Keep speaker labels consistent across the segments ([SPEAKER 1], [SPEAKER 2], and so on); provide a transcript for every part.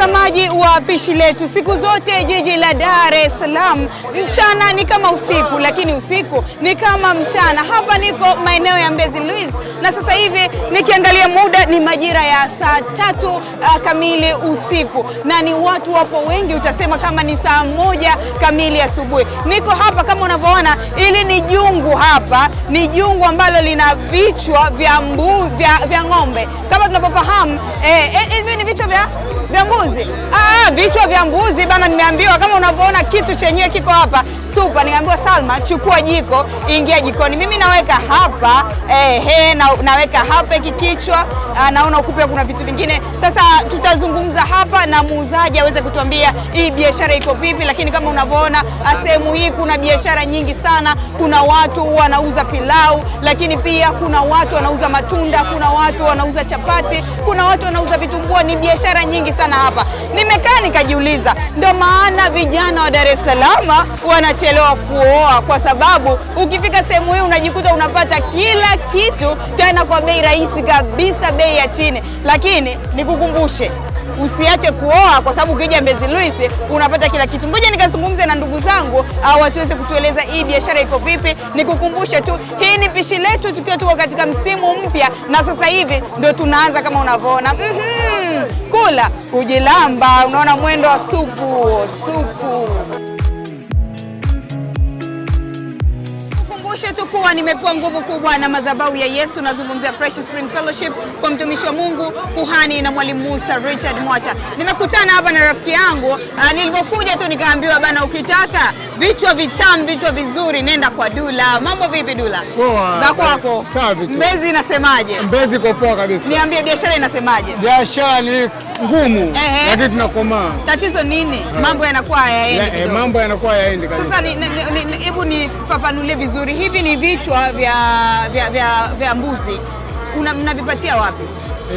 [SPEAKER 1] Tama. Mtazamaji wa Pishi Letu, siku zote jiji la Dar es Salaam mchana ni kama usiku, lakini usiku ni kama mchana. Hapa niko maeneo ya Mbezi Luis na sasa hivi nikiangalia muda ni majira ya saa tatu uh, kamili usiku, na ni watu wapo wengi, utasema kama ni saa moja kamili asubuhi. Niko hapa kama unavyoona, ili ni jungu hapa, ni jungu ambalo lina vichwa vya mbu, vya, vya ng'ombe kama tunavyofahamu hivi eh, eh, ni vichwa vya vya mbuzi Ah, vichwa vya mbuzi bana, nimeambiwa kama unavyoona kitu chenyewe kiko hapa super. Nikaambiwa Salma, chukua jiko, ingia jikoni. Mimi naweka hapa eh, he, na, naweka hapa hiki kichwa, ah, naona huku pia kuna vitu vingine. Sasa tutazungumza hapa na muuzaji aweze kutuambia hii biashara iko vipi, lakini kama unavyoona ah, sehemu hii kuna biashara nyingi sana. Kuna watu wanauza pilau, lakini pia kuna watu wanauza matunda, kuna watu wanauza chapati, kuna watu wanauza vitumbua. Ni biashara nyingi sana hapa. Nimekaa nikajiuliza, ndio maana vijana wa Dar es Salaam wana kuchelewa kuoa, kwa sababu ukifika sehemu hii unajikuta unapata kila kitu tena kwa bei rahisi kabisa, bei ya chini. Lakini nikukumbushe usiache kuoa kwa sababu ukija Mbezi Luis unapata kila kitu. Ngoja nikazungumze na ndugu zangu au watuweze kutueleza hii biashara iko vipi. Nikukumbushe tu, hii ni pishi letu tukiwa tuko katika msimu mpya, na sasa hivi ndio tunaanza kama unavyoona. mm -hmm. Kula kujilamba, unaona mwendo wa supu supu Nikukumbushe tu kuwa nimepewa nguvu kubwa na madhabahu ya Yesu. Nazungumzia Fresh Spring Fellowship kwa mtumishi wa Mungu kuhani na mwalimu Musa Richard Mwacha. Nimekutana hapa na rafiki yangu ah, nilivyokuja tu nikaambiwa bana, ukitaka vichwa vitamu vichwa vizuri nenda kwa Dula. Mambo vipi Dula? Poa. Za kwako? Safi tu. Mbezi inasemaje?
[SPEAKER 2] Mbezi iko poa kabisa.
[SPEAKER 1] Niambie biashara inasemaje?
[SPEAKER 2] Biashara ni ngumu lakini tunakomaa.
[SPEAKER 1] Tatizo nini? Mambo yanakuwa hayaendi
[SPEAKER 2] eh, eh, mambo yanakuwa hayaendi
[SPEAKER 1] kabisa. Sasa hebu nifafanulie vizuri, hivi ni vichwa vya vya vya, vya mbuzi mnavipatia wapi?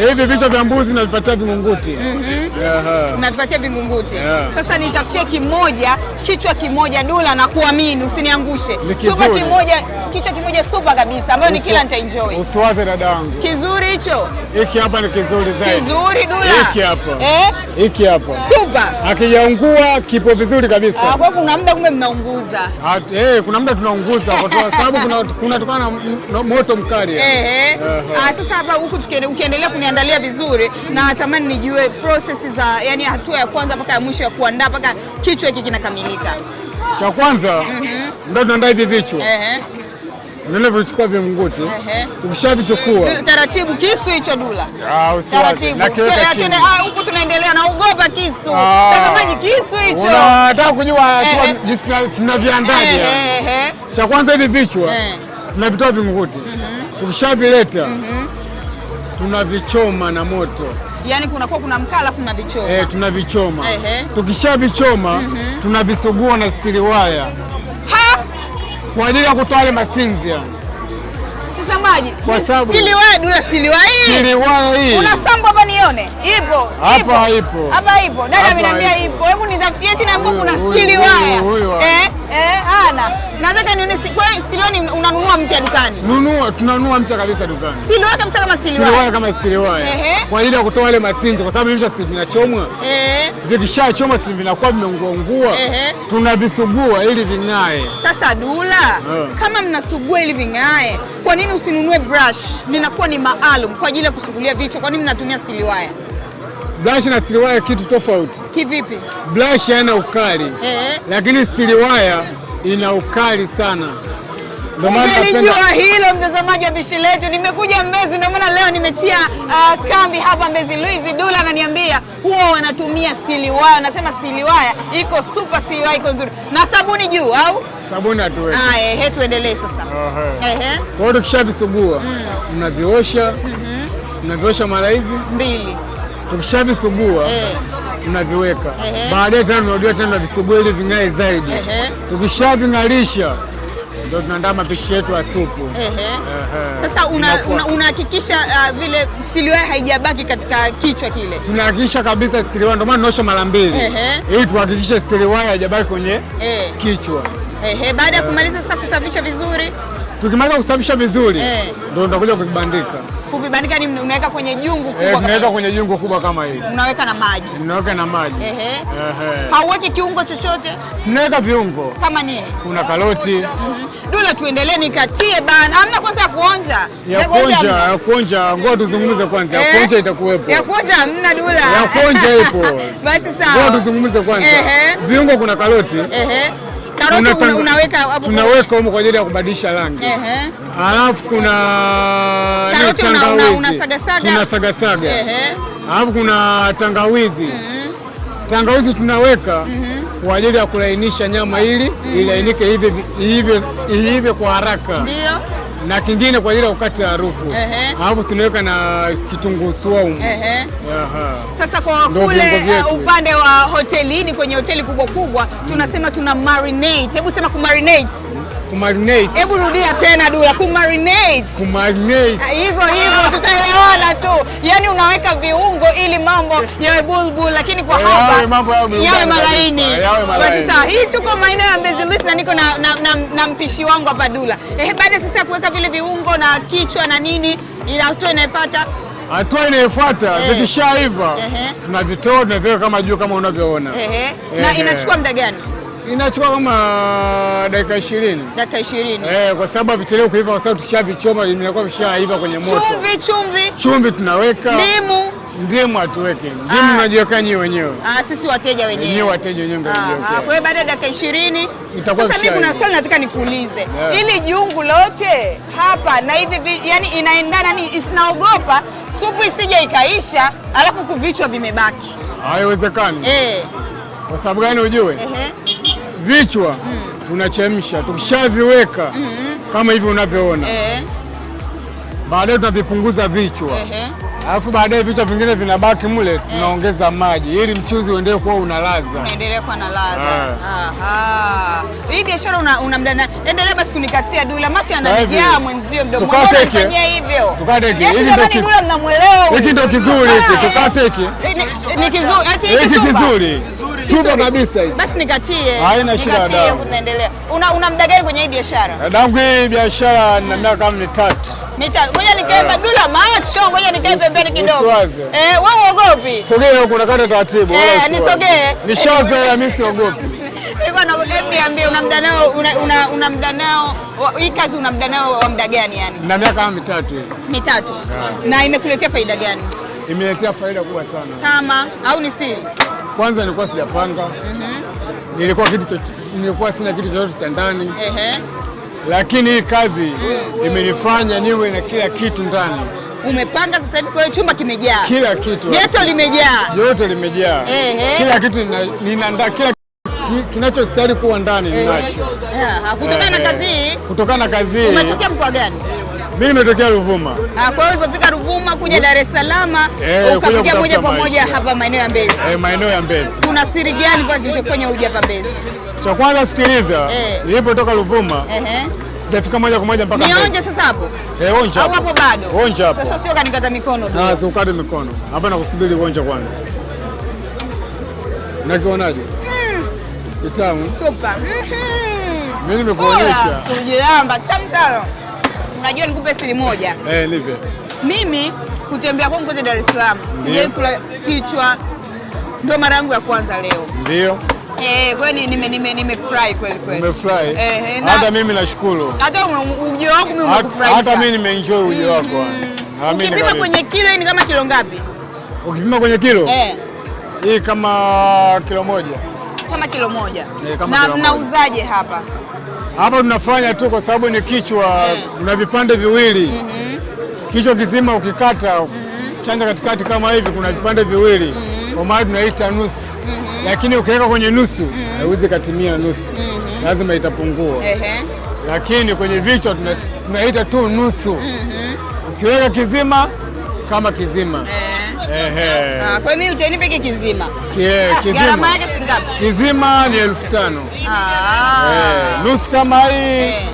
[SPEAKER 2] Hivi vichwa vya mbuzi navipatia Vingunguti.
[SPEAKER 1] Mhm. Navipatia Vingunguti. Sasa nitakuchia kimoja kichwa kimoja Dula na kuamini, usiniangushe. Chupa kimoja, kichwa kimoja supa kabisa, ambayo ni kila nita enjoy.
[SPEAKER 2] Usiwaze dada wangu,
[SPEAKER 1] kizuri hicho.
[SPEAKER 2] Hiki hapa ni kizuri zaidi,
[SPEAKER 1] kizuri Dula, hiki hapa eh, hiki hapa Supa.
[SPEAKER 2] akijaungua kipo vizuri kabisa.
[SPEAKER 1] Ah, kwa kuna muda kumbe mnaunguza
[SPEAKER 2] eh, kuna muda tunaunguza kwa sababu kuna kunatokana na moto mkali
[SPEAKER 1] eh eh. Ah, sasa hapa huku ukiendelea kuniandalia vizuri, na natamani nijue process za yani hatua ya kwanza mpaka ya mwisho ya kuandaa mpaka kichwa hiki kinakamilika.
[SPEAKER 2] Cha kwanza mhm. ndio tunaandaa hivi vichwa nene vichukua vimnguti ukishavichukua
[SPEAKER 1] taratibu, kisu hicho dula ah, huku, tunaendelea naogopa kisu. Ah. Tazamaji, kisu hicho
[SPEAKER 2] unataka kujua jinsi tunavyoandaje? Cha kwanza hivi vichwa tunavitoa vinguti, mhm. ukishavileta mhm. tunavichoma na moto
[SPEAKER 1] yani kunakuwa kuna mkaa alafu vichoma
[SPEAKER 2] Eh, tunavichoma tukishavichoma mm -hmm. tunavisugua na stiliwaya kwa ajili ya kutoa ile masinzi yani unanichemsha maji kwa sababu
[SPEAKER 1] siliwai una siliwai
[SPEAKER 2] siliwai,
[SPEAKER 1] una sambo hapa nione, ipo
[SPEAKER 2] hapa, ipo
[SPEAKER 1] hapa, ipo dada ameniambia ipo. Hebu nitafutie tena hapo, kuna siliwai eh eh, hana nataka nione. Kwa hiyo siliwai unanunua mpya dukani?
[SPEAKER 2] Nunua, tunanunua mpya kabisa dukani,
[SPEAKER 1] siliwai kabisa, kama siliwai,
[SPEAKER 2] siliwai kama siliwai, kwa ajili ya kutoa ile masinzi, kwa sababu ilisha si vinachomwa
[SPEAKER 1] eh,
[SPEAKER 2] choma si vinakuwa vimeunguaungua, tunavisugua ili ving'ae.
[SPEAKER 1] Sasa Dula, eh. kama mnasugua ili ving'ae kwa nini usinunue brush? Ninakuwa ni maalum kwa ajili ya kusugulia vichwa, kwa nini mnatumia stili waya?
[SPEAKER 2] Brush na stili kitu tofauti. Kivipi? Brush haina ukali, eh. lakini stili waya ina ukali sana.
[SPEAKER 1] Nilijua hilo mtazamaji wa pishi Letu, nimekuja Mbezi, ndio maana leo nimetia uh, kambi hapa Mbezi. Luizi Dula ananiambia huwa wanatumia stili waya, nasema stili waya iko super, stili waya iko nzuri na sabuni juu, au
[SPEAKER 2] sabuni hatuwezi.
[SPEAKER 1] Ah, eh, tuendelee sasa. Ehe, kwa
[SPEAKER 2] hiyo tukishavisugua mm. mnaviosha, mm-hmm. mnaviosha mara hizi mbili, tukishavisugua eh. mnaviweka, baadaye tena tunarudia tena visugua ili ving'ae zaidi, tukishaving'arisha ndio tunaandaa mapishi yetu ya supu.
[SPEAKER 1] Sasa unahakikisha una, una uh, vile stiliwa haijabaki katika kichwa kile.
[SPEAKER 2] Tunahakikisha kabisa stiliwa, ndio maana tunaosha mara mbili ili tuhakikishe stiliwa haijabaki kwenye Ehe. kichwa.
[SPEAKER 1] Ehe, baada ya kumaliza sasa kusafisha vizuri
[SPEAKER 2] tukimaliza kusafisha vizuri e. ndio tutakuja kukibandika.
[SPEAKER 1] Kukibandika ni unaweka kwenye jungu e, kubwa, unaweka kwenye jungu kubwa kama hili, unaweka na maji,
[SPEAKER 2] unaweka na maji. Ehe. Ehe.
[SPEAKER 1] Hauweki kiungo chochote?
[SPEAKER 2] Tunaweka viungo kama nini, kuna karoti mm
[SPEAKER 1] -hmm. Dula, tuendelee nikatie bana. Hamna kwanza ya kuonja.
[SPEAKER 2] Ya kuonja, ya kuonja. Ngoja tuzungumze kwanza. Ya eh, kuonja itakuwepo.
[SPEAKER 1] Ya kuonja hamna Dula.
[SPEAKER 2] Ya kuonja ipo. Basi sawa. Ngoja tuzungumze kwanza. Viungo kuna karoti.
[SPEAKER 1] Ehe. Karoti unaweka hapo.
[SPEAKER 2] Tunaweka huko kwa ajili ya kubadilisha rangi. Ehe. Alafu kuna
[SPEAKER 1] karoti unasagasaga.
[SPEAKER 2] Tunasagasaga. Ehe. Alafu kuna tangawizi. Mm Tangawizi tunaweka. Mhm kwa ajili ya kulainisha nyama ili mm. ilainike hivi kwa haraka. Ndio. na kingine kwa ajili ya kukata harufu Alafu tunaweka na kitunguu swaumu
[SPEAKER 1] Sasa kwa kule uh, upande wa hotelini kwenye hoteli kubwa kubwa mm. tunasema tuna marinate. Hebu sema ku marinate. Kumarinate. Hebu rudia tena Dula, kumarinate.
[SPEAKER 2] Kumarinate. Ah,
[SPEAKER 1] hivyo hivyo tutaelewana tu. Yaani unaweka viungo ili mambo yawe bulbul lakini kwa hapa yawe malaini. Basi sawa. Hii tuko maeneo ya Mbezi List na niko na, na, na, na mpishi wangu hapa Dula. Eh, baada sasa ya kuweka vile viungo na kichwa na nini ila hatua inayofuata
[SPEAKER 2] hatua inayofuata vikishaiva tunavitoa tunaviweka kama juu kama unavyoona.
[SPEAKER 1] Na inachukua muda gani?
[SPEAKER 2] inachukua kama dakika 20.
[SPEAKER 1] Dakika 20.
[SPEAKER 2] Eh, kwa sababu vichelewa kuiva kwa sababu tushavichoma vinakuwa vishaiva kwenye moto.
[SPEAKER 1] Chumvi, chumvi.
[SPEAKER 2] Chumvi tunaweka.
[SPEAKER 1] Ndimu.
[SPEAKER 2] Ndimu hatuweke. Ndimu ah. unajiweka nyewe wenyewe.
[SPEAKER 1] Ah, sisi wateja wenyewe.
[SPEAKER 2] Wenyewe wateja wenyewe ndio.
[SPEAKER 1] Ah, ah kwa hiyo baada ya dakika 20 itakuwa sasa mimi kuna swali nataka nikuulize. yeah. ili jungu lote hapa na hivi yani inaendana ni isinaogopa supu isije ikaisha alafu kuvichwa vimebaki.
[SPEAKER 2] Haiwezekani. Eh. Kwa sababu gani ujue? Ehe vichwa mm. tunachemsha, tukishaviweka mm -hmm. kama hivi unavyoona eh. baadaye tunavipunguza vichwa eh, eh. Alafu baadaye vichwa vingine vinabaki mule eh. Tunaongeza maji ili mchuzi uendelee kuwa unalaza,
[SPEAKER 1] unaendelea kuwa na laza. Eh. Aha, hii biashara una, una mdana. Endelea basi kunikatia Dula Masi ananijaa mwenzio
[SPEAKER 2] mdomo. Mbona unafanyia hivyo?
[SPEAKER 1] Tukateke. Yaani hiki ndio kizuri, mnamwelewa. Hiki ndio kizuri hiki. Tukateke. Eh, ni kizuri.
[SPEAKER 2] Hiki kizuri. Super kabisa hii.
[SPEAKER 1] Basi nikatie.
[SPEAKER 2] Haina shida dada.
[SPEAKER 1] dadangu. Tunaendelea. Una, una muda gani kwenye hii biashara?
[SPEAKER 2] Dadangu hii biashara nina miaka kama mitatu.
[SPEAKER 1] Mitatu. Ngoja nikae eh. badula macho, ngoja nikae pembeni kidogo.
[SPEAKER 2] Eh,
[SPEAKER 1] wewe uogopi?
[SPEAKER 2] Sogea huko na kata taratibu. Eh,
[SPEAKER 1] nisogee.
[SPEAKER 2] Nishazoea mimi siogopi.
[SPEAKER 1] Niambie una muda nao una, una, una muda nao hii kazi una muda nao wa muda gani yani?
[SPEAKER 2] Na miaka kama mitatu hiyo.
[SPEAKER 1] Mitatu. Eh. Na imekuletea faida gani?
[SPEAKER 2] Imeletea faida kubwa sana.
[SPEAKER 1] Kama au ni siri?
[SPEAKER 2] Kwanza nilikuwa sijapanga mm
[SPEAKER 1] -hmm.
[SPEAKER 2] nilikuwa kitu nilikuwa sina kitu chochote cha ndani lakini hii kazi mm. imenifanya niwe na kila kitu ndani.
[SPEAKER 1] Umepanga sasa hivi, kwa hiyo chumba kimejaa
[SPEAKER 2] kila kitu,
[SPEAKER 1] joto limejaa,
[SPEAKER 2] joto limejaa kila kitu ninaandaa, kila kinachostahili kuwa ndani ninacho.
[SPEAKER 1] Eh, kutokana na eh, kazi hii,
[SPEAKER 2] kutokana na kazi hii.
[SPEAKER 1] Umetokea mkoa gani?
[SPEAKER 2] Mimi nimetokea Ruvuma.
[SPEAKER 1] Ah, kwa hiyo ulipofika Ruvuma kuja Dar es Salaam eh, ukapiga moja kwa moja hapa maeneo ya Mbezi.
[SPEAKER 2] Eh, maeneo ya Mbezi.
[SPEAKER 1] Kuna siri gani kwa kilichofanya uje hapa Mbezi?
[SPEAKER 2] Cha kwanza sikiliza, Eh. nilipotoka Ruvuma eh, eh. sijafika moja kwa moja mpaka
[SPEAKER 1] Mbezi. Nionje sasa hapo? Eh, onja. Au hapo bado? Onja hapo. Sasa sio kanikata mikono tu.
[SPEAKER 2] Ah, si ukate mikono. Hapa nakusubiri onja kwanza. Unakionaje?
[SPEAKER 1] Mm. Kitamu. Super. Mhm. Mm,
[SPEAKER 2] mimi nimekuonyesha.
[SPEAKER 1] Kujilamba tamtalo unajua nikupe siri moja eh, nipe. Mimi kutembea kwangu kote Dar es Salaam sijai kula kichwa, ndio mara yangu ya kwanza leo. Ndio. Eh, kwani nime nime nimefurahi kweli
[SPEAKER 2] kweli. Nimefurahi. Eh, hata mimi nashukuru.
[SPEAKER 1] Hata ujio wangu mimi umekufurahisha.
[SPEAKER 2] Hata mimi nimeenjoy ujio wako. Mm.
[SPEAKER 1] Na mimi kwenye kilo ni kama kilo ngapi?
[SPEAKER 2] Ukipima kwenye kilo? Eh. Hii kama kilo moja.
[SPEAKER 1] Kama kilo moja. Eh, na mnauzaje hapa?
[SPEAKER 2] Hapa tunafanya tu kwa sababu ni kichwa yeah. Kuna vipande viwili
[SPEAKER 1] mm -hmm.
[SPEAKER 2] Kichwa kizima ukikata mm -hmm. Chanja katikati kama hivi kuna vipande viwili mm -hmm. Kwa maana tunaita nusu mm -hmm. Lakini ukiweka kwenye nusu mhm. haiwezi mm -hmm. Katimia nusu mm -hmm. Lazima itapungua Lakini kwenye vichwa tunaita tu nusu mm
[SPEAKER 1] -hmm.
[SPEAKER 2] Ukiweka kizima kama kizima eh. Ah,
[SPEAKER 1] kwa hiyo utanipa hiki ah, kizima. Gharama yake shilingi ngapi?
[SPEAKER 2] Kizima ni elfu tano.
[SPEAKER 1] Ah. Eh,
[SPEAKER 2] nusu kama hii eh.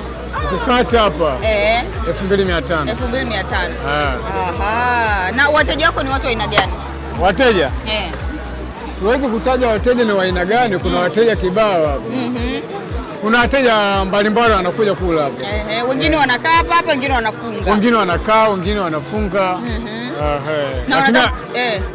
[SPEAKER 2] kukata hapa eh. elfu mbili mia tano.
[SPEAKER 1] Elfu mbili mia tano. Ah. Na wateja wako ni watu wa aina gani? Wateja? Eh.
[SPEAKER 2] Siwezi kutaja wateja ni wa aina gani, kuna mm. wateja kibao hapa. Mhm. Kuna wateja mbalimbali wanakuja kula hapa.
[SPEAKER 1] Eh, wengine wanakaa hapa, wengine wanafunga.
[SPEAKER 2] Wengine wanakaa, wengine wanafunga. Mhm. Ah,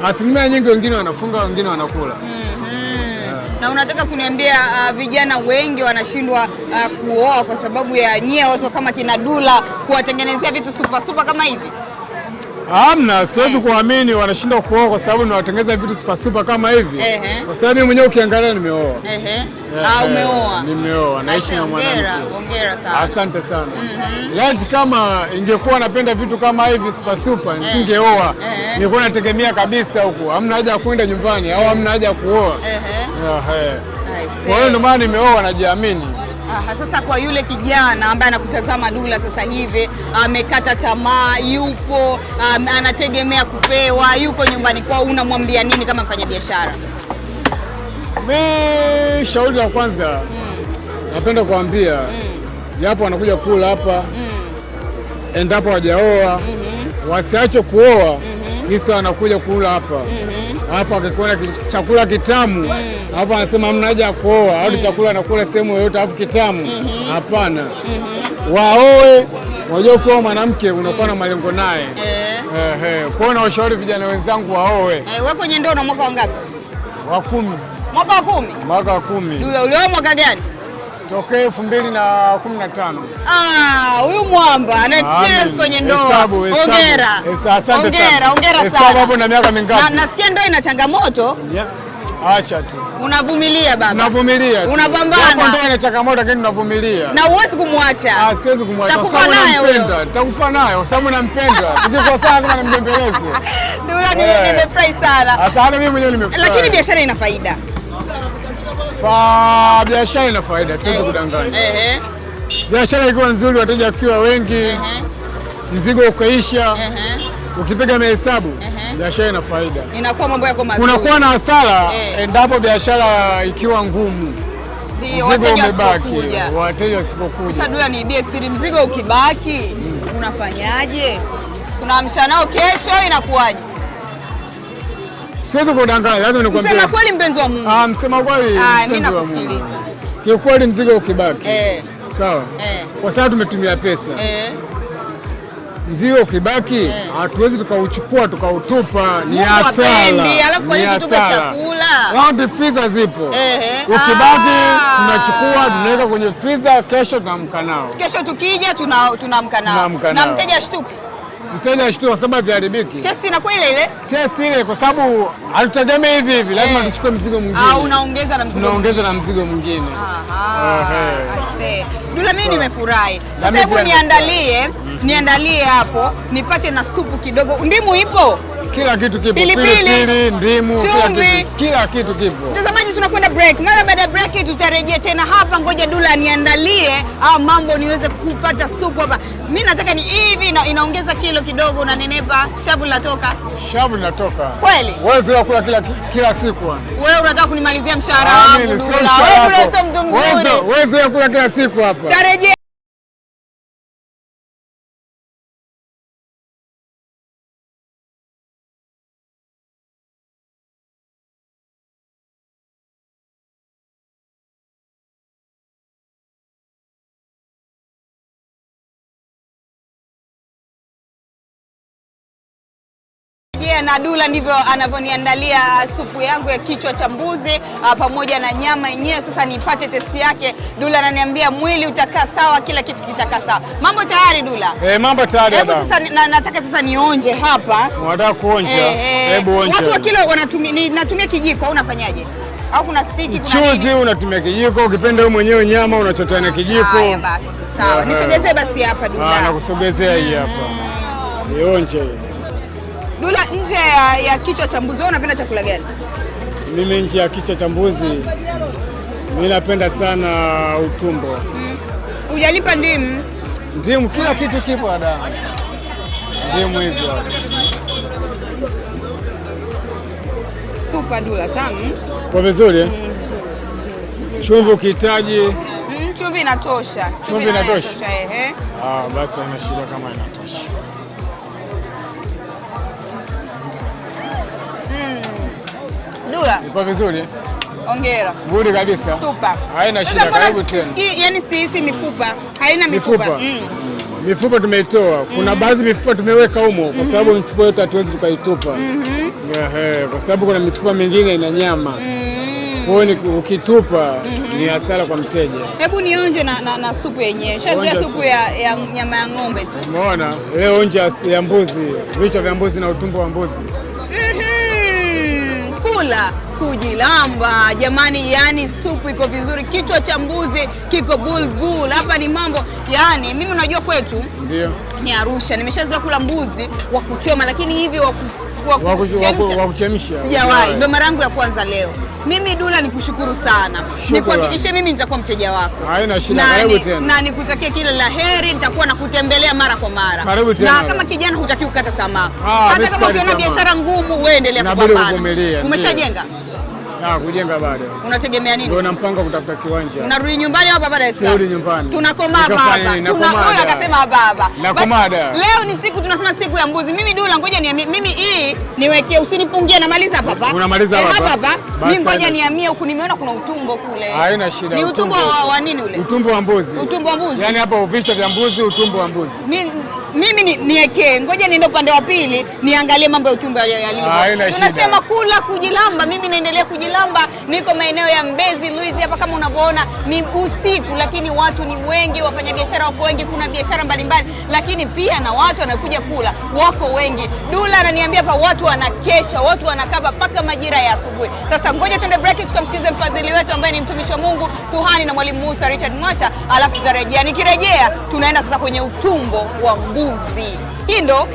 [SPEAKER 2] asilimia eh. nyingi, wengine wanafunga, wengine wanakula
[SPEAKER 1] mm Na unataka kuniambia uh, vijana wengi wanashindwa uh, kuoa kwa sababu ya nyie watu kama kina Dula kuwatengenezea vitu super super kama hivi?
[SPEAKER 2] Hamna, siwezi eh. kuamini wanashinda kuoa kwa sababu niwatengeza vitu super super kama hivi Kwa sababu mimi mwenyewe ukiangalia nimeoa
[SPEAKER 1] ah, umeoa.
[SPEAKER 2] Nimeoa, naishi na mwanamke.
[SPEAKER 1] Hongera sana.
[SPEAKER 2] Asante sana. Mm -hmm. kama ingekuwa napenda vitu kama hivi super super, eh. nisingeoa. Ningekuwa nategemea kabisa huko. Hamna haja ya kwenda nyumbani au hamna haja ya kuoa. Kwa hiyo ndio maana nimeoa najiamini.
[SPEAKER 1] Aha, sasa kwa yule kijana ambaye anakutazama Dula sasa hivi amekata tamaa, yupo anategemea kupewa, yuko nyumbani kwao, unamwambia nini kama mfanyabiashara?
[SPEAKER 2] Me shauri la kwanza mm. napenda kuambia mm. japo wanakuja kula hapa mm. endapo hajaoa mm -hmm. wasiache kuoa mm -hmm. isa wanakuja kula hapa mm hapa akikuona chakula kitamu mm hapo anasema hamna haja ya kuoa au mm. chakula anakula sehemu yoyote afu kitamu. Mm-hmm. Hapana,
[SPEAKER 1] mm-hmm.
[SPEAKER 2] waoe. Unajua kuwa mwanamke unakuwa na malengo naye, eh. kwao na vijana wenzangu waoe. Eh,
[SPEAKER 1] wewe kwenye ndoa una mwaka wangapi? Wa kumi. Mwaka wa kumi?
[SPEAKER 2] Mwaka wa kumi.
[SPEAKER 1] Ulioa mwaka gani?
[SPEAKER 2] Tokea elfu mbili na kumi na tano.
[SPEAKER 1] Ah, huyu mwamba ana experience kwenye ndoa. Hongera. Hongera, hongera sana.
[SPEAKER 2] hapo na miaka mingapi?
[SPEAKER 1] Nasikia ndoa ina changamoto. Acha tu. Unavumilia baba.
[SPEAKER 2] Unavumilia.
[SPEAKER 1] Unapambana. Hapo
[SPEAKER 2] Ndio ina changamoto lakini unavumilia.
[SPEAKER 1] Na huwezi kumwacha.
[SPEAKER 2] Ah, siwezi kumwacha.
[SPEAKER 1] Takufa naye
[SPEAKER 2] wewe. Takufa naye kwa sababu nampenda. Tukikosana sana lazima nimbembeleze.
[SPEAKER 1] Ndio eh. nimefurahi sana.
[SPEAKER 2] Asante mimi mwenyewe nimefurahi.
[SPEAKER 1] Lakini biashara ina faida.
[SPEAKER 2] Fa biashara ina faida, siwezi eh. kudanganya. Ehe. Eh. Biashara ikiwa nzuri, wateja wakiwa wengi, mzigo ukaisha, ukipiga mahesabu ehe biashara ina faida,
[SPEAKER 1] inakuwa mambo yako mazuri.
[SPEAKER 2] Unakuwa na hasara eh, endapo biashara ikiwa ngumu, mzigo umebaki, wateja wasipokuja.
[SPEAKER 1] Sasa dola niibie siri, mzigo ukibaki hmm, unafanyaje? Tunaamsha nao kesho, inakuwaje?
[SPEAKER 2] Siwezi kudanganya, lazima nikwambie.
[SPEAKER 1] Sema kweli, mpenzi wa Mungu.
[SPEAKER 2] Ah, msema kweli.
[SPEAKER 1] Ah, mimi nakusikiliza.
[SPEAKER 2] Kiukweli mzigo ukibaki, eh, sawa, eh, kwa sababu tumetumia pesa, eh zio kibaki eh. hatuwezi tukauchukua tukautupa, ni hasara. Wote friza zipo eh, ukibaki ah. tunachukua tunaweka kwenye freezer, kesho tunamka nao,
[SPEAKER 1] kesho tukija tunamka nao na mteja ashtuki
[SPEAKER 2] mteja ashtu kwa sababu viharibiki.
[SPEAKER 1] Test inakuwa ile ile,
[SPEAKER 2] test ile, kwa sababu hatutegemee hivi hivi, lazima eh. tuchukue mzigo mwingine
[SPEAKER 1] au ah, unaongeza na mzigo,
[SPEAKER 2] unaongeza na mzigo mwingine.
[SPEAKER 1] Aha, Dula, mimi nimefurahi. Sasa hebu niandalie niandalie hapo nipate na supu kidogo. Ndimu ipo,
[SPEAKER 2] kila kitu kipo,
[SPEAKER 1] pilipili,
[SPEAKER 2] ndimu, chumvi, kila kitu kipo.
[SPEAKER 1] Mtazamaji, tunakwenda break. Mara baada ya break tutarejea tena hapa. Ngoja Dula niandalie au mambo niweze kupata supu hapa. Mi nataka ni hivi, na inaongeza kilo kidogo, unanenepa, shavu linatoka,
[SPEAKER 2] shavu linatoka kweli. Wewe sio kula kila, kila siku.
[SPEAKER 1] Wewe unataka kunimalizia mshahara wangu,
[SPEAKER 2] Wewe sio mtu mzuri. Wewe sio kula kila siku hapa.
[SPEAKER 1] Tarejea. na Dula ndivyo anavyoniandalia supu yangu ya kichwa cha mbuzi ah, pamoja na nyama yenyewe. Sasa nipate testi yake. Dula ananiambia mwili utakaa sawa, kila kitu kitakaa sawa. Mambo tayari Dula?
[SPEAKER 2] Eh, mambo tayari.
[SPEAKER 1] Hebu sasa na, nataka sasa nionje hapa.
[SPEAKER 2] Unataka kuonja? Eh, eh, eh. Hebu onja.
[SPEAKER 1] Watu wa kilo wanatumia, natumia kijiko au unafanyaje? Au kuna stick,
[SPEAKER 2] kuna chuzi unatumia kijiko, ukipenda wewe mwenyewe nyama unachotana na kijiko. Haya
[SPEAKER 1] basi, sawa. Nisogezee basi hapa Dula.
[SPEAKER 2] Ah, nakusogezea hii hapa. Mm. Ionje.
[SPEAKER 1] Dula, nje ya, ya kichwa cha mbuzi, wewe unapenda chakula gani?
[SPEAKER 2] Mimi nje ya kichwa cha mbuzi mimi napenda sana utumbo. Mm.
[SPEAKER 1] Ujalipa ndimu?
[SPEAKER 2] Ndimu kila kitu kipo ada. Ndimu hizo.
[SPEAKER 1] Super Dula, tamu. Kwa vizuri eh? Mm,
[SPEAKER 2] chumvi ukihitaji. Mm,
[SPEAKER 1] chumvi inatosha.
[SPEAKER 2] Chumvi inatosha. Ah, basi haina shida kama inatosha. Chakula ipo vizuri. Ongera. Nzuri kabisa. Super. Haina shida,
[SPEAKER 1] karibu tena. Yaani si mifupa. Haina mifupa.
[SPEAKER 2] Mifupa mm. tumeitoa. Kuna mm-hmm. baadhi mifupa tumeweka humo kwa mm-hmm. sababu mifupa yote hatuwezi tukaitupa.
[SPEAKER 1] Mm-hmm.
[SPEAKER 2] Ehe, kwa sababu kuna mifupa mingine ina nyama. Mm. Kwa hiyo ukitupa ni hasara kwa mteja.
[SPEAKER 1] Hebu nionje na, na, na supu yenyewe. Shazia supu ya, ya nyama ya ng'ombe tu.
[SPEAKER 2] Umeona? Leo onja ya mbuzi, vichwa vya mbuzi na utumbo wa mbuzi
[SPEAKER 1] kula kujilamba jamani, yani supu iko vizuri, kichwa cha mbuzi kiko bulbul. Hapa ni mambo yani, mimi unajua kwetu ndio ni Arusha, nimeshazoea kula mbuzi wa kuchoma, lakini hivi wa
[SPEAKER 2] wakuchemsha
[SPEAKER 1] sijawahi, ndio mara yangu ya kwanza leo. Mimi Dula nikushukuru sana, nikuhakikishie mimi nitakuwa mteja wako. Haina shida, karibu tena. Na nikutakia kila la heri, nitakuwa nakutembelea mara kwa mara. Karibu tena. Na kama kijana hutaki kukata tamaa, ah, hata kama ukiona biashara ngumu, wewe endelea kupambana. Umeshajenga
[SPEAKER 2] Ah, kujenga bado.
[SPEAKER 1] Unategemea nini?
[SPEAKER 2] Una mpango kutafuta kiwanja.
[SPEAKER 1] Unarudi nyumbani hapa baada ya siku.
[SPEAKER 2] Unarudi nyumbani.
[SPEAKER 1] hapa baba. Tunakomaa akasema baba.
[SPEAKER 2] Nakomaa da.
[SPEAKER 1] Leo ni siku tunasema siku ya mbuzi. Mimi Dula ngoja ni mimi hii niwekee usinipungie namaliza papa.
[SPEAKER 2] Unamaliza hapa.
[SPEAKER 1] Hapa mimi ngoja niamie huku nimeona kuna utumbo kule.
[SPEAKER 2] Haina shida. Ni
[SPEAKER 1] utumbo wa nini ule?
[SPEAKER 2] Utumbo wa mbuzi.
[SPEAKER 1] Utumbo wa mbuzi.
[SPEAKER 2] Yaani hapa uvicho vya mbuzi, utumbo wa mbuzi.
[SPEAKER 1] Mimi mimi niwekee. Ngoja niende upande wa pili niangalie mambo ya utumbo yalivyo. Tunasema kula kujilamba, mimi naendelea kujilamba. Kalamba, niko maeneo ya Mbezi Luizi hapa. Kama unavyoona ni usiku, lakini watu ni wengi, wafanyabiashara wako wengi, kuna biashara mbalimbali, lakini pia na watu wanakuja kula wako wengi. Dula ananiambia hapa watu wanakesha, watu wanakaba mpaka majira ya asubuhi. Sasa ngoja tuende break, tukamsikize mfadhili wetu ambaye ni mtumishi wa Mungu, kuhani na mwalimu Musa Richard mwacha alafu tutarejea. Nikirejea tunaenda sasa kwenye utumbo wa mbuzi. Hii ndo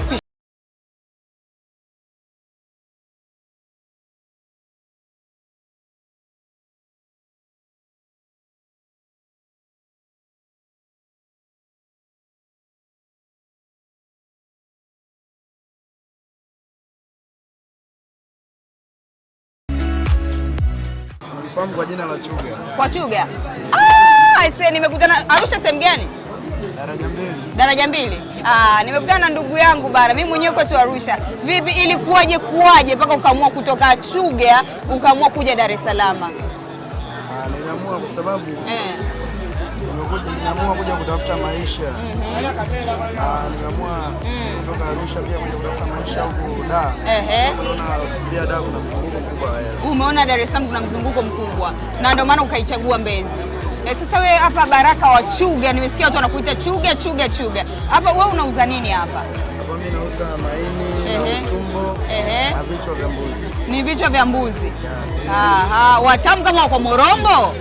[SPEAKER 2] jina la Chuga.
[SPEAKER 1] Kwa Chuga? Ah, say nimekutana Arusha sehemu gani? Daraja mbili. Daraja mbili. Ah, nimekutana na ndugu yangu bana. Mimi mwenyewe kwa tu Arusha. Vipi ilikuwaje kuwaje mpaka ukaamua kutoka Chuga ukaamua kuja Dar es Salaam? Ah,
[SPEAKER 2] niliamua kwa sababu
[SPEAKER 1] eh
[SPEAKER 2] nimeamua kuja kutafuta maisha
[SPEAKER 1] mm -hmm.
[SPEAKER 2] Ah, nimeamua mm. kutoka Arusha pia kuja kutafuta maisha huku Dar. Naona Dar kuna mzunguko mkubwa. Eh.
[SPEAKER 1] Umeona Dar es Salaam kuna mzunguko mkubwa na ndio maana ukaichagua Mbezi. E, sasa wewe hapa Baraka wa Chuga, nimesikia watu wanakuita Chuga Chuga Chuga. Hapa wewe unauza nini hapa? Hapa
[SPEAKER 2] mimi nauza maini na utumbo na vichwa vya mbuzi.
[SPEAKER 1] Ni vichwa vya mbuzi. Aha, watamu kama wako Morombo.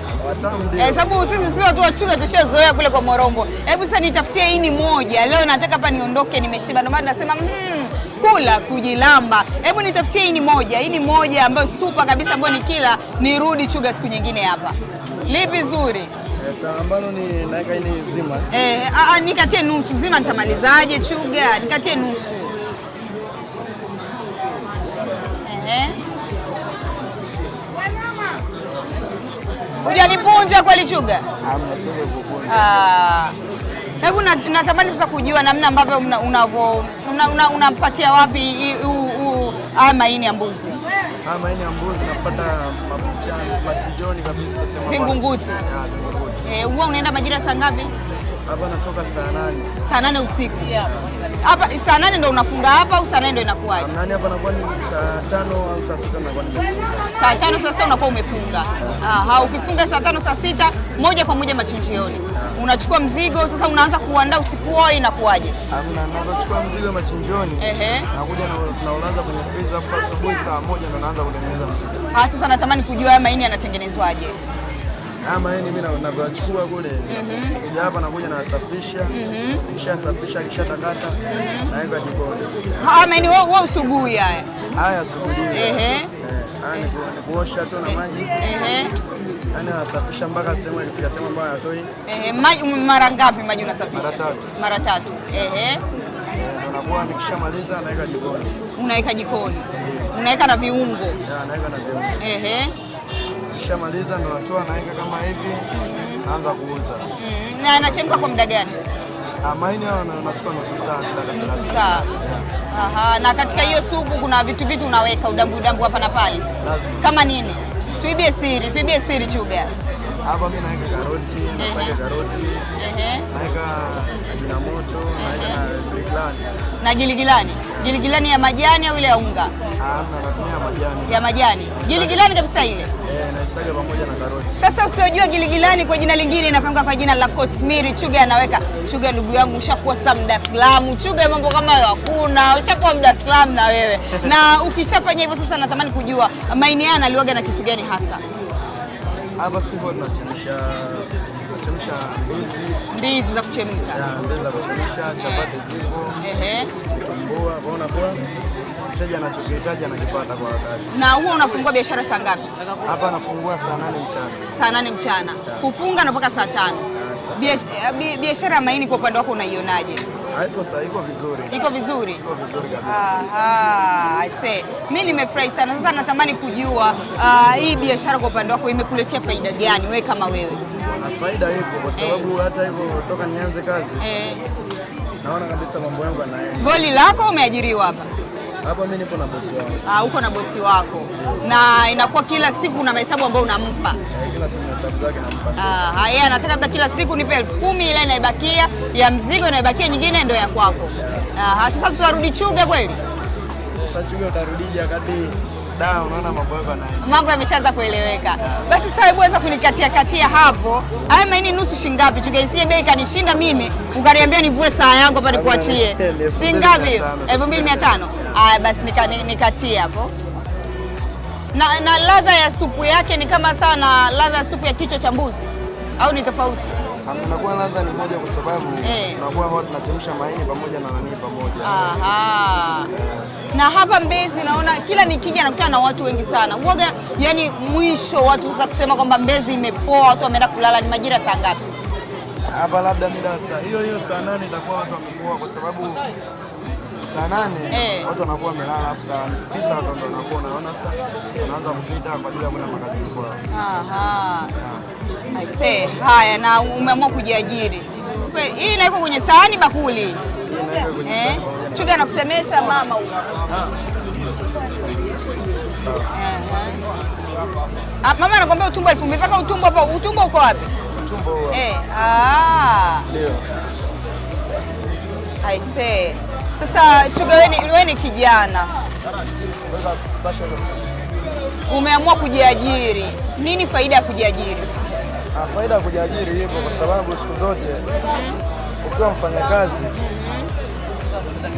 [SPEAKER 1] Eh, sababu sisi sio wa wachunga, tushazoea kule kwa Morombo. Hebu sasa nitafutie ini moja leo, nataka hapa niondoke, nimeshiba. Ndio maana nasema hmm, kula kujilamba. Hebu nitafutie ini moja, ini moja ambayo supa kabisa, ambayo ni kila nirudi Chuga siku nyingine hapa. Lipi zuri eh,
[SPEAKER 2] ambalo ni naweka ini zima
[SPEAKER 1] eh? Nikatie nusu zima, nitamalizaje Chuga? Nikatie nusu Hujanipunja kweli Chuga? Ah, hebu natamani sasa kujua namna ambavyo unampatia una, una wapi haya maini ya mbuzi
[SPEAKER 2] maini ya mbuzi napata mabuchani, mapinjoni kabisa,
[SPEAKER 1] Vingunguti. Eh, huwa unaenda majira saa ngapi?
[SPEAKER 2] Hapa natoka saa nane.
[SPEAKER 1] Saa nane usiku. Hapa saa nane ndo unafunga hapa au saa nane ndo inakuwaje?
[SPEAKER 2] Saa Nane hapa nakuwa ni saa tano au saa sita nakuwa nimefunga.
[SPEAKER 1] Saa tano saa sita unakuwa umefunga. Ah, ukifunga saa tano saa sita moja kwa moja machinjioni. Unachukua mzigo sasa unaanza kuandaa usiku wao inakuwaje?
[SPEAKER 2] Hamna, nazochukua mzigo machinjioni. Ehe. Nakuja na unaanza kwenye freezer afu asubuhi saa moja ndo naanza kutengeneza mzigo.
[SPEAKER 1] Ah, sasa natamani kujua haya maini yanatengenezwaje?
[SPEAKER 2] ama maeni mimi navyochukua kule mhm. kija hapa nakuja nasafisha, mhm. kishasafisha kishatakata mhm. naweka jikoni.
[SPEAKER 1] Haya maeni wewe usugui haya
[SPEAKER 2] haya suguliwe eh, ni kuosha tu na eh, maji
[SPEAKER 1] yani,
[SPEAKER 2] nasafisha mpaka sehemu ikifika sehemu ambayo
[SPEAKER 1] yatoi. mara ngapi? Maji unasafisha mara tatu, mara tatu. Eh,
[SPEAKER 2] nakuwa nikishamaliza naweka jikoni.
[SPEAKER 1] Unaweka jikoni, unaweka na viungo? Naweka na viungo.
[SPEAKER 2] Ukishamaliza ndo natoa naweka kama hivi, naanza kuuza.
[SPEAKER 1] Mm, na anachemka kwa muda gani?
[SPEAKER 2] Ah, maini nachukua nusu
[SPEAKER 1] saa nusu saa. Aha, na katika hiyo sugu kuna vitu vitu unaweka udambu udambu hapa na pale, kama nini? Tuibie siri, tuibie siri Chuga.
[SPEAKER 2] Hapa mimi naweka karoti, nasaga karoti, naweka jina moto, naweka na giligilani.
[SPEAKER 1] Na giligilani, giligilani ya majani au ile ya unga? Ah,
[SPEAKER 2] natumia majani.
[SPEAKER 1] Ya majani, giligilani kabisa ile
[SPEAKER 2] Eh, pamoja na karoti.
[SPEAKER 1] Sasa usiojua giligilani kwa jina lingine inapanga kwa jina la kotmiri Chuga anaweka chuga, ndugu yangu ushakuwa sa mdaslamu Chuga mambo kama hayo hakuna, ushakuwa mdaslamu na wewe. Na ukishafanya hivyo sasa, natamani kujua yana aliwaga na kitu gani hasa
[SPEAKER 2] hapa? Ah, si tunachemsha tunachemsha ndizi,
[SPEAKER 1] ndizi za kuchemka,
[SPEAKER 2] ndizi za kuchemsha, chapati eh. zivyo, ehe, tumbua, unaona kwa mteja anachokihitaji anakipata kwa wakati.
[SPEAKER 1] Na huwa unafungua biashara saa ngapi?
[SPEAKER 2] Hapa nafungua saa nane mchana.
[SPEAKER 1] Saa nane mchana kufunga na mpaka saa tano. Eh, biashara ya maini kwa upande wako unaionaje?
[SPEAKER 2] Haiko saa iko vizuri.
[SPEAKER 1] Iko vizuri. Iko
[SPEAKER 2] vizuri kabisa.
[SPEAKER 1] Ah, I say. Mimi nimefurahi sana. Sasa natamani kujua uh, hii biashara kwa upande wako imekuletea faida gani wewe kama wewe?
[SPEAKER 2] Na faida ipo kwa eh. sababu eh, hata hivyo toka nianze kazi eh, naona kabisa mambo yangu yanaenda.
[SPEAKER 1] Goli lako umeajiriwa hapa?
[SPEAKER 2] Hapa mimi niko na bosi wangu.
[SPEAKER 1] Ah, uko na bosi wako na inakuwa kila siku na mahesabu ambayo unampa. Eh,
[SPEAKER 2] kila siku na hesabu zake nampa.
[SPEAKER 1] Ah, yeye anataka hata kila siku nipe elfu kumi ile inaibakia ya mzigo inaibakia nyingine ndio ya kwako. Ah, sasa tutarudi chuga kweli?
[SPEAKER 2] Sasa chuga utarudija kati Da, unaona mambo yako na
[SPEAKER 1] mambo yameshaanza kueleweka. Basi sasa hebu weza kunikatia katia hapo. Haya maini nusu shingapi? isiye bei kanishinda mimi, ukaniambia nivue saa yangu hapa nikuachie. Shingapi? 2500. Aya, basi nikatia nika hapo na, na ladha ya supu yake ni kama sawa na ladha ya supu ya kichwa cha mbuzi au ni tofauti?
[SPEAKER 2] Inakuwa ladha ni moja kwa sababu eh. tunakuwa tunachemsha mahindi pamoja na nani pamoja.
[SPEAKER 1] Aha. Na hapa Mbezi naona kila nikija nakutana na watu wengi sana uoga, yani mwisho watu sasa kusema kwamba Mbezi imepoa, watu wameenda kulala. Ni majira saa ngapi
[SPEAKER 2] hapa? Labda mida saa hiyo hiyo saa nane itakuwa watu wamepoa kwa sababu saa nane eh. watu wanakuwa wamelala, afu saa tisa watu ndio wanakuwa unaona sasa wanaanza kupita kwa ajili ya kwenda makazini kwao.
[SPEAKER 1] Aha. I say haya, na umeamua kujiajiri. Hii inawekwa kwenye sahani bakuli. Eh, Chuga anakusemesha mama huyu. Ah, mama anakuambia utumbo elfu Paka utumbo hapo, utumbo uko wapi? Utumbo. Eh, ah. Ndio. I say sasa Chuga, wewe ni kijana umeamua kujiajiri, nini faida ya kujiajiri?
[SPEAKER 2] Ah, faida ya kujiajiri ipo kwa sababu siku zote mhm. ukiwa mfanyakazi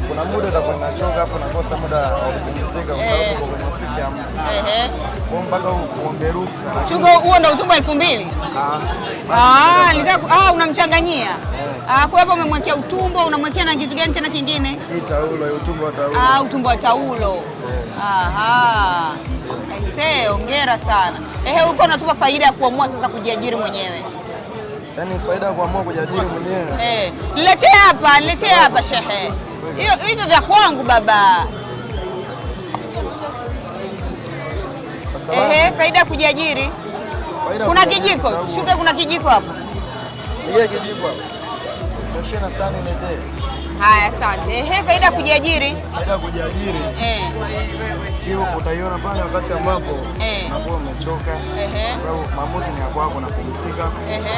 [SPEAKER 2] kuna muda utakuwa unachoka, alafu unakosa muda wa kupumzika kwa sababu eh. uko kwenye ofisi ya mtu. Ehe, kwa mpaka uombe ruksa.
[SPEAKER 1] Chuga, huo ndio utumwa elfu mbili? Ah, ah, ah unamchanganyia Ah, kwa hivyo umemwekea utumbo, unamwekea na kitu gani tena kingine? Hii
[SPEAKER 2] taulo, utumbo wa taulo.
[SPEAKER 1] Ah, utumbo wa taulo.
[SPEAKER 2] Yeah.
[SPEAKER 1] Aha. Aisee, hongera sana. Ehe, uko unatupa faida ya kuamua sasa kujiajiri mwenyewe.
[SPEAKER 2] Yaani faida ya kuamua kujiajiri mwenyewe.
[SPEAKER 1] Eh, nilete hapa, nilete hapa shehe. Hiyo hivyo vya kwangu baba. Ehe, faida ya kujiajiri. Kuna kijiko, shuka kuna kijiko hapo.
[SPEAKER 2] Yeye kijiko hapo. Toshana sana niletee.
[SPEAKER 1] Haya, asante. Ehe, faida ya kujiajiri.
[SPEAKER 2] Faida kujiajiri. Eh. Hiyo utaiona pale wakati ambapo eh. unakuwa umechoka. Ehe. Sababu maamuzi ni yako yako na kupumzika.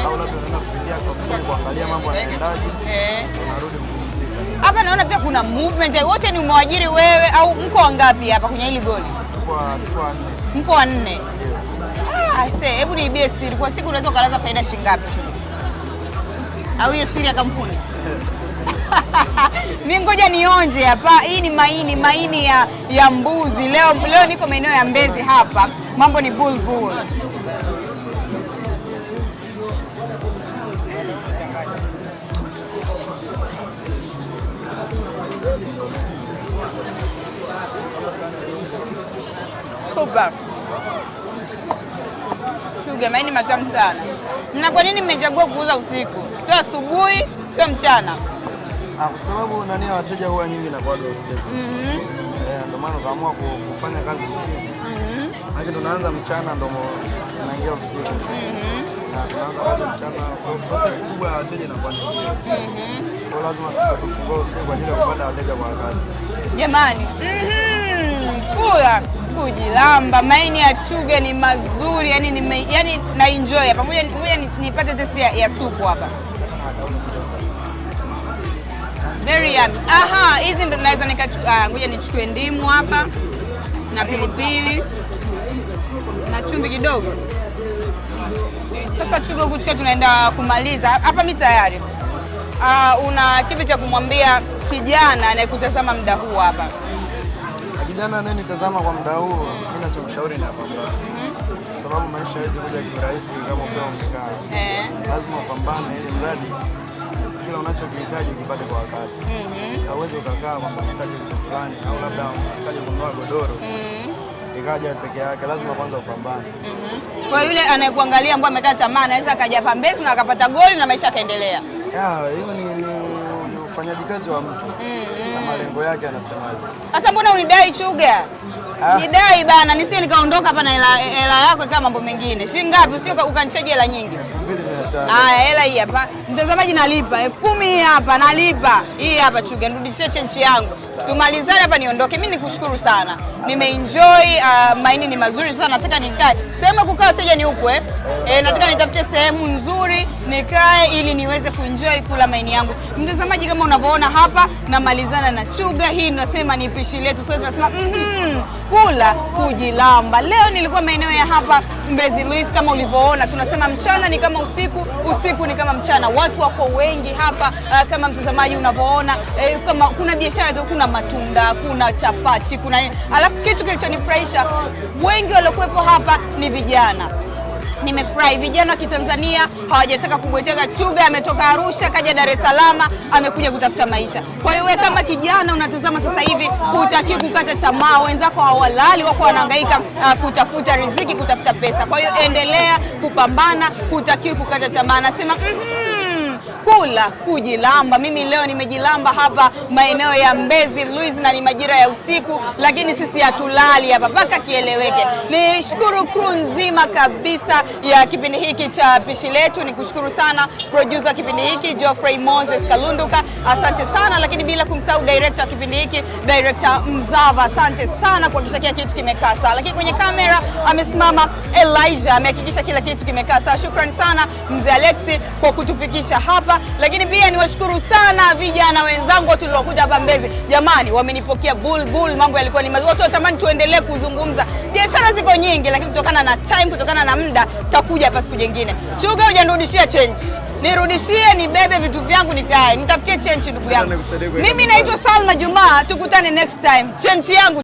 [SPEAKER 2] Au labda unaenda kupitia kwa ofisi kuangalia mambo yanaendaje. Eh. Unarudi kupumzika.
[SPEAKER 1] Hapa naona pia kuna movement. Wote ni umewaajiri wewe au mko wangapi hapa kwenye hili goli?
[SPEAKER 2] Tuko wanne.
[SPEAKER 1] Mko wanne. Ah, sasa hebu niibie siri. Kwa siku unaweza ukalaza faida shilingi ngapi? au hiyo siri ya kampuni? Mi ngoja nionje hapa. Hii ni maini, maini ya, ya mbuzi. Leo, leo niko maeneo ya Mbezi hapa, mambo ni bull Super. Shuga, maini matamu sana. Na kwa nini mmechagua kuuza usiku? kutoa asubuhi sio mchana,
[SPEAKER 2] ah, kwa sababu nani wateja huwa nyingi na kwa usiku. Mhm. Eh, ndio maana kaamua kufanya kazi usiku.
[SPEAKER 1] Mhm.
[SPEAKER 2] Lakini tunaanza mchana ndio tunaingia usiku.
[SPEAKER 1] Mhm.
[SPEAKER 2] Na tunaanza kazi mchana, so process kubwa ya wateja na kwa usiku.
[SPEAKER 1] Mhm.
[SPEAKER 2] Kwa lazima tufungue usiku kwa ajili ya kupata wateja kwa wakati.
[SPEAKER 1] Jamani. Mhm. Kula kujilamba maini ya Chuge ni mazuri, yani ni yani na enjoy hapa. Ngoja nipate test ya, ya supu hapa very yummy. Aha, hizi ndo naweza nikachukua. Ah, ngoja nichukue ndimu hapa na pilipili na chumvi kidogo. Sasa chuko kuchukua, tunaenda kumaliza hapa. Mi tayari uh, una kipi cha kumwambia kijana anayekutazama muda huu hapa?
[SPEAKER 2] Ah, kijana anayenitazama kwa muda huu, mimi mm. nachomshauri ni apambane, mhm. sababu maisha hawezi kuja kirahisi kama mkaa eh. Lazima upambane ili mradi kila unachokihitaji ukipate kwa wakati.
[SPEAKER 1] Mhm.
[SPEAKER 2] Sasa ukakaa kwamba unataka kitu fulani au labda unataka kununua godoro
[SPEAKER 1] mhm.
[SPEAKER 2] ikaja peke yake, lazima kwanza upambane. Mhm.
[SPEAKER 1] Kwa yule anayekuangalia ambaye amekata tamaa, anaweza akaja Pambezi na akapata goli na maisha yakaendelea.
[SPEAKER 2] Hiyo ni ufanyaji kazi wa mtu na malengo yake, anasemaje?
[SPEAKER 1] Sasa mbona unidai Chuga? Nidai ah. bana, nisi nikaondoka hapa na hela yako kama mambo mengine. Shilingi ngapi? Usije ukanichaje hela nyingi. Haya, hela hii hapa. Mtazamaji, nalipa elfu kumi hii hapa, nalipa hii hapa. Chuga, nirudishie chenchi yangu, tumalizane hapa, niondoke. Mimi nikushukuru sana, nimeenjoy. Uh, maini ni mazuri sana. Nataka nikae sehemu ya kukaa, teja ni ukwe eh. E, nataka nitafute sehemu nzuri nikae ili niweze kuenjoy kula maini yangu. Mtazamaji, kama unavyoona hapa, namalizana na chuga hii, tunasema ni pishi letu sote, tunasema mm -hmm, kula kujilamba. Leo nilikuwa maeneo ya hapa Mbezi Luis, kama ulivyoona, tunasema mchana ni kama usiku, usiku ni kama mchana. Watu wako wengi hapa uh, kama mtazamaji unavyoona eh, kama kuna biashara tu, kuna matunda, kuna chapati, kuna nini. Alafu kitu kilichonifurahisha wengi waliokuwepo hapa ni vijana nimefurahi. Vijana wa Kitanzania hawajataka kubweteka. Chuga ametoka Arusha kaja Dar es Salaam, amekuja kutafuta maisha. Kwa hiyo wewe kama kijana unatazama sasa hivi, hutaki kukata tamaa. Wenzako hawalali, wako wanahangaika uh, kutafuta riziki, kutafuta pesa. Kwa hiyo endelea kupambana, hutakiwi kukata tamaa. Nasema mm -hmm kula kujilamba. Mimi leo nimejilamba hapa maeneo ya Mbezi Luis, na ni majira ya usiku, lakini sisi hatulali hapa mpaka kieleweke. Nishukuru kru nzima kabisa ya kipindi hiki cha pishi letu. Nikushukuru sana producer wa kipindi hiki Geoffrey Moses Kalunduka, asante sana, lakini bila kumsahau director wa kipindi hiki director Mzava, asante sana kuhakikisha kila kitu kimekaa sawa. Lakini kwenye kamera amesimama Elijah, amehakikisha kila kitu kimekaa sawa. Shukrani sana mzee Alexi kwa kutufikisha hapa hapa, lakini pia niwashukuru sana vijana wenzangu wote tuliokuja hapa Mbezi. Jamani, wamenipokea bulbul, mambo yalikuwa ni mazuri, watu watamani tuendelee kuzungumza. Biashara ziko nyingi, lakini kutokana na time, kutokana na muda, takuja hapa siku nyingine. Chuga, hujanirudishia change, nirudishie, nibebe vitu vyangu, nikae nitafutie change. Ndugu yangu, mimi naitwa Salma Juma, tukutane next time. Change yangu